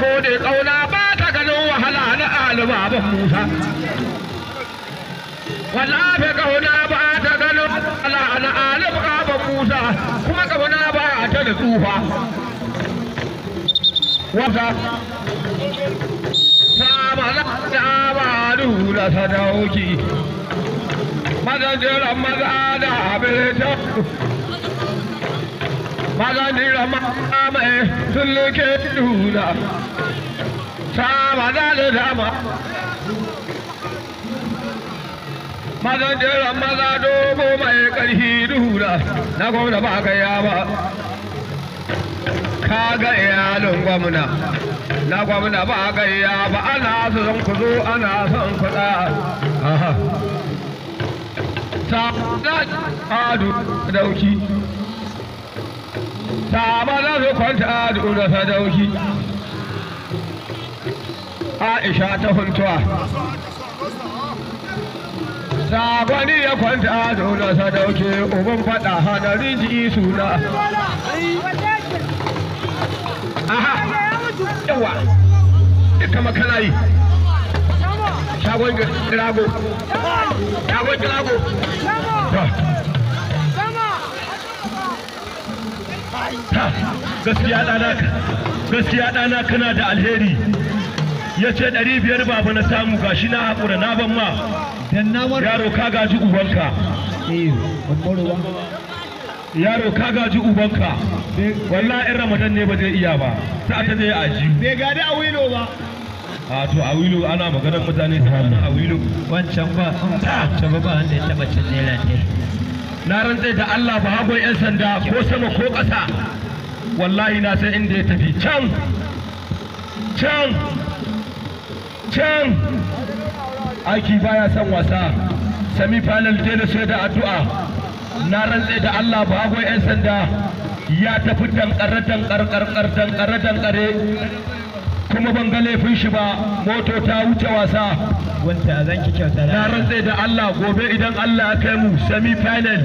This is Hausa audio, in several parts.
gode kauna ba ta ganin wahala na ali musa wallahi kauna ba ta ganin wahala na ali musa kuma kauna ba ta da tsufa wata sama na ba na sadauki mazajiran maza da abin Magani Rama Ame Sulike Dula dama maza dogo mai ƙarfi duhura na gwamna ba ka ya ba ka ga iyalin gwamna na gwamna ba ka ya ba ana son ku ana son kuɗa Samadar adu dauki Samadar kwanta da sadauki aisha ta huntuwa sabani ya kwanta zauna sa dauke uban fada hadarin ji suna aha yawa ita makana yi shagon shagon gaskiya ɗana kana da alheri ya ce ɗari biyar baba na samu gashi na haƙura na ban ma yaro ka gaji ubanka eh, yaro ka gaji ubanka walla in ramadan ne ba zai iya ba ta ta zai aji bai gadi a wilo ba a to a wilo ana maganar mutane ta hannu a wilo wancan ba wancan ba ba wanda ya taba cin naira ne na rantsai da Allah ba hagon yan sanda ko sama ko ƙasa wallahi na san inda ya tafi can can can aiki baya son wasa semi final dai da sai da addu'a na rantse da Allah ba hago yan sanda ya tafi dankare dankar karkar dankare dankare kuma ban ga laifin shi ba moto ta wuce wasa wanda zan ki kyauta na rantse da Allah gobe idan Allah ya kai mu semi final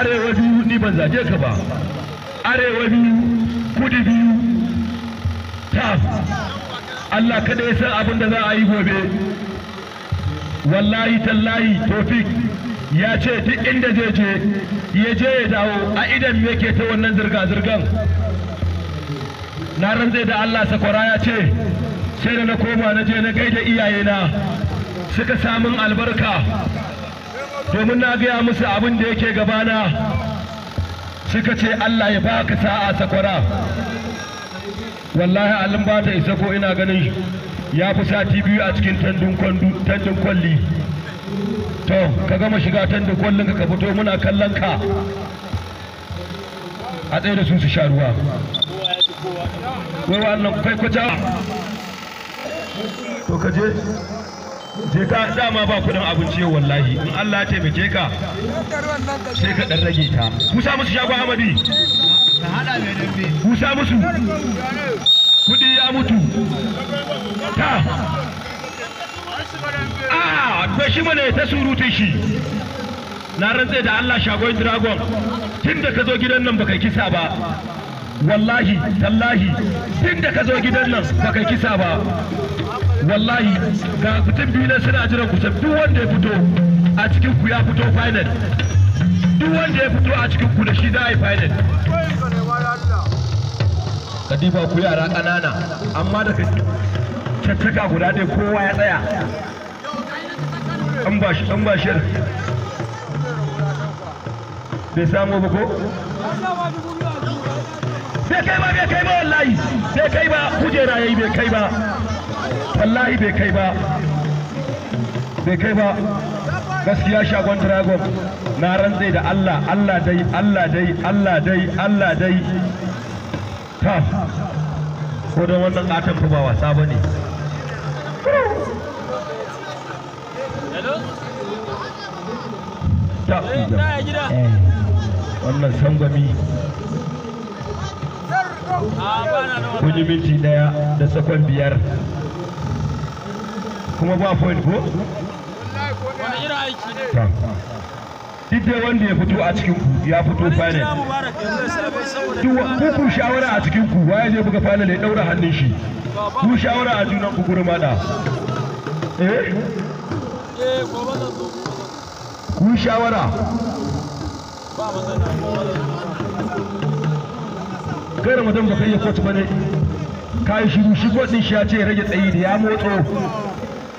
arewa biyu ni ban zaje ka ba arewa biyu kudu biyu ta Allah kada ya san abin da za a yi gobe wallahi tallahi tofik ya ce duk inda zai je ya je ya dawo a idan me ke ta wannan zirga-zirgan na ran zai da Allah sakwara ya ce sai da na koma na je na gaida iyayena suka samun albarka domin na gaya musu abin da yake gabana suka ce Allah ya baka sa'a sakwara wallahi alin ba ta isa ko ina ganin ya fi sati biyu a cikin tandin kwalli to ka gama shiga tandin kwallon ka fito muna kallon ka a tsaye da su su sha ruwa wai wannan kai to ka je je ka dama ba kudin abinci yau wallahi in Allah ya taimake ka sai ka dan rage ta musa musu shago amadi Musa musu. Kudi ya mutu. Ta. Ah, to shi mana ta surutun shi. Na rantse da Allah shagon dragon. Tun da ka zo gidan nan baka kisa ba. Wallahi, tallahi, tun da ka zo gidan nan baka kisa ba. Wallahi, ga mutum biyu na suna jiran kusa duk wanda ya fito a cikin ku ya fito final. duk wanda ya fito a cikin ku da shi za a yi final kadifa ku yara ƙanana amma da caccaka guda ɗaya kowa ya tsaya an ba shi an ba shi bai samu ba ko bai kai ba bai kai ba wallahi bai kai ba kujera yayi bai kai ba wallahi bai kai ba bai kai ba gaskiya shagon dragon na rantse da Allah Allah dai Allah dai Allah dai Allah dai ta ko don wannan katon fa ba wasa bane ta eh, wannan sangwami ah, kun minti daya da sakon biyar kuma ba point ko duk wanda ya fito a cikin ku ya fito fane. duk shawara a cikin ku waye zai buga final ya daura hannun shi ku shawara a junan ku gurmada eh, eh ku shawara kai mutum ba kai ya kotu bane kai shiru shi godin shi ya ce rage tsayi da ya motso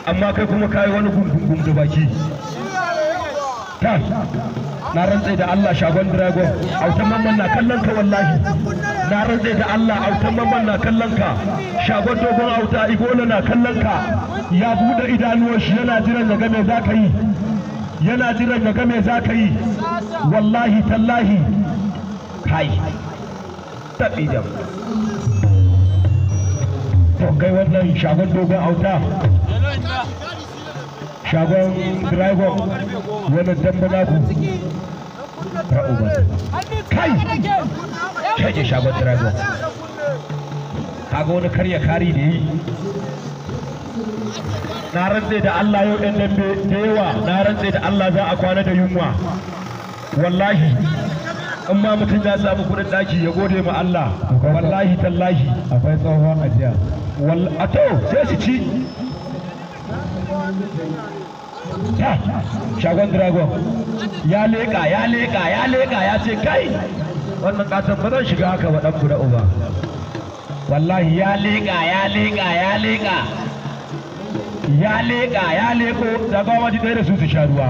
amma kai kuma kayi wani gungun da baki ta na rantsai da Allah shagon dragon autan mamman na kallon ka wallahi na rantsai da Allah autan mamman na kallon ka shagon dogon auta igola na kallon ka ya bude idanuwar shi yana jiran ya ga me za ka yi yana jiran ya ga me za ka yi wallahi tallahi kai tabi da to kai wannan shagon dogon auta shagon dragon wani dambala ku ta uba kai kaje shagon dragon kaga wani karya kari da yi na rantse da Allah yau ɗan dambe da yawa na rantse da Allah za a kwana da yunwa wallahi in ma mutum ya samu kuɗin ɗaki ya gode ma Allah wallahi tallahi akwai tsohon ajiya a to sai su ci Eh, shagon dragon ya leka ya leka ya leka ya ce kai wannan katon ba zan shiga haka ba ɗan da uba wallahi ya leka ya leka ya leka ya leka ya leko da gwamnati ɗaya da su su sha ruwa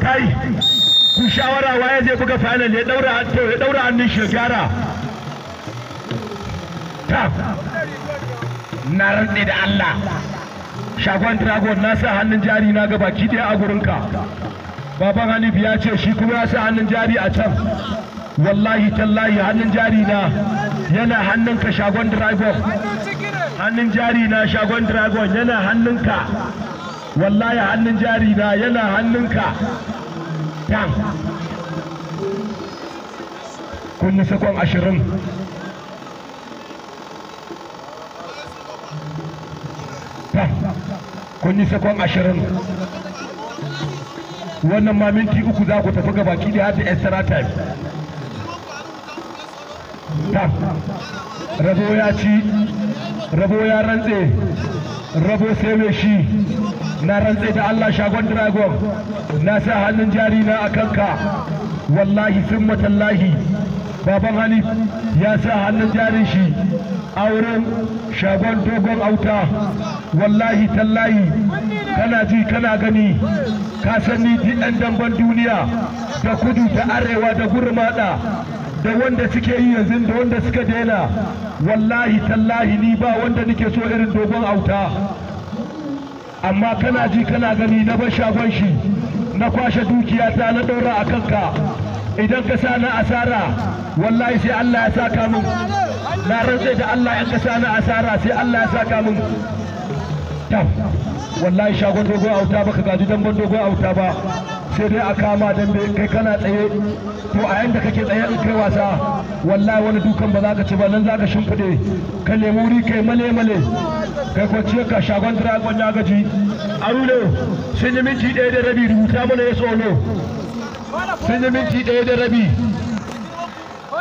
kai ku shawara waye zai buga final ya daura ya daura hannun shi ya na rantse da Allah shagon dragon na sa hannun jari na ga baki ɗaya a gurinka baban hanif ya ce shi kuma ya sa hannun jari a can wallahi tallahi hannun jari na yana hannunka shagon dragon hannun jari na shagon dragon yana hannunka wallahi hannun jari na yana hannunka tam kun nisa kwan ashirin kun yi sakon ashirin wannan ma minti uku za ku tafi gabaki da hada extra time ta rabo ya ci rabo ya rantse rabo sai mai shi na rantse da Allah shagon dragon na sa hannun jari na a kanka wallahi sun matallahi baban hanif ya sa hannun jarin shi auren shagon dogon auta wallahi tallahi kana ji kana gani ka sani di ɗan damban duniya da kudu da arewa da gurmada da wanda suke yi yanzu da wanda suka daina wallahi tallahi ni ba wanda nake so irin dogon auta amma kana ji kana gani na bar shagon shi na kwashe dukiyata na ɗora a kanka idan ka sa na asara wallahi sai Allah ya saka min na rantse da Allah yan kasa na asara sai Allah ya saka mun ta wallahi shagon dogon auta baka gaji dan ban dogon auta ba sai dai a kama dambe kai kana tsaye to a yanda kake tsaye in kai wasa wallahi wani dukan ba za ka ci ba nan za ka shimfiɗe ka nemi wuri kai male male kai kwanciya ka shagon dragon ya gaji arule sun yi minti ɗaya da rabi rubuta mana ya tsoro sun yi minti ɗaya da rabi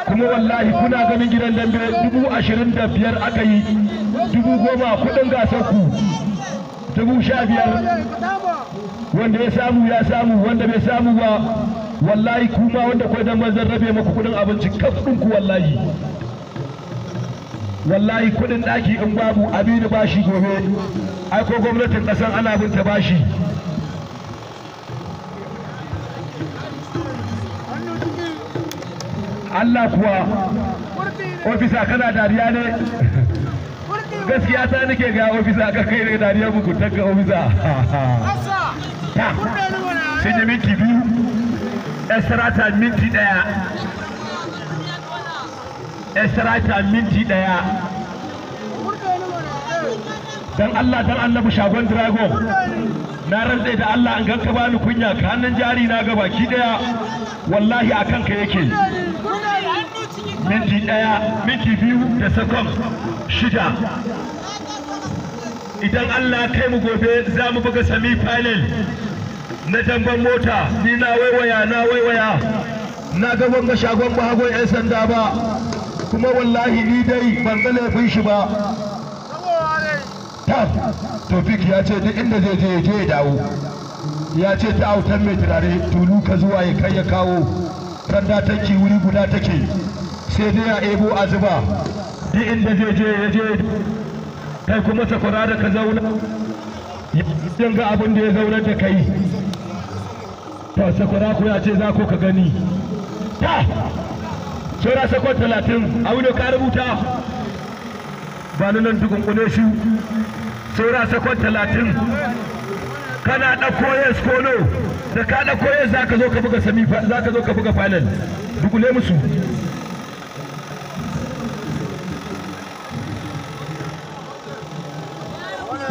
kuma wallahi kuna ganin gidan dambe dubu ashirin da biyar aka yi dubu goma kudin gasar ku dubu sha biyar wanda ya samu ya samu wanda bai samu ba wallahi kuma wanda kwai dan zan rabe maku kudin abinci kafin ku wallahi wallahi kudin daki in babu abinu bashi gobe ai ko gwamnatin kasan ana binta bashi Allah kuwa ofisa kana dariya ne gaskiya ta nake ga ofisa ka kai ne dariya muku tagga ofisa ta sun yi minti biyu esrata minti daya esrata minti daya eh. dan Allah dan Allah shagon dragon na rantse da Allah an ganka bani kunya ka hannun jari na ga baki daya wallahi akan ka yake daya miki biyu da sakon shida idan Allah kai mu gobe za mu buga sami final na jamban mota ni na waiwaya na waiwaya na ga wanga shagon ba hago 'yan sanda ba kuma wallahi ni dai ban ga laifin shi ba ta tofik ya ce duk inda zai je ya je ya dawo ya ce ta autan mai turare tulu ka zuwa ya kai ya kawo kan take wuri guda take sai dai ya ebo a zuba duk inda zai je ya je kai kuma sakwara da ka zauna yin ga abin da ya zaunar da kai ta sakwara ku ya ce za ku ka gani ta saura sakon talatin a wani ka rubuta ba ni nan kune shi saura sakon talatin kana ɗauko yes skolo da ka ɗauko yes za ka zo ka buga semi za ka zo ka buga final dukule musu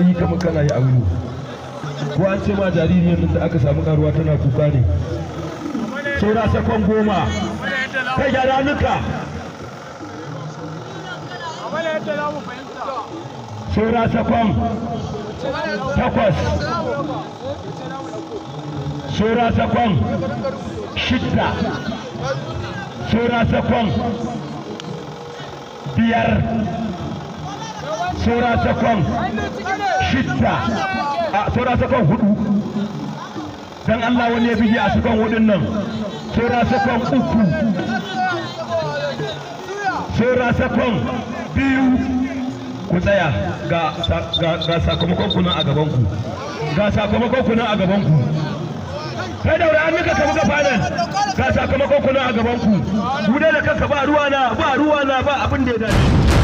yi kamar kana yi aure ko an ce ma jaririyar nan da aka samu karuwa tana kuka ne saura sakon goma kai gyara nuka saura sakon takwas saura sakon shidda saura sakon biyar sura takwan shidda a ah, sura takwan hudu don Allah wani ya bige a sakon hudun nan sura sakon uku sura sakon biyu ku tsaya ga sakamakon ku nan a gabanku ga sakamakon ku nan a gabanku kai daura an mika ka buga fanan ga sakamakon ku nan a gabanku ku da kanka ba ruwa na ba ruwa na ba abin da ya dace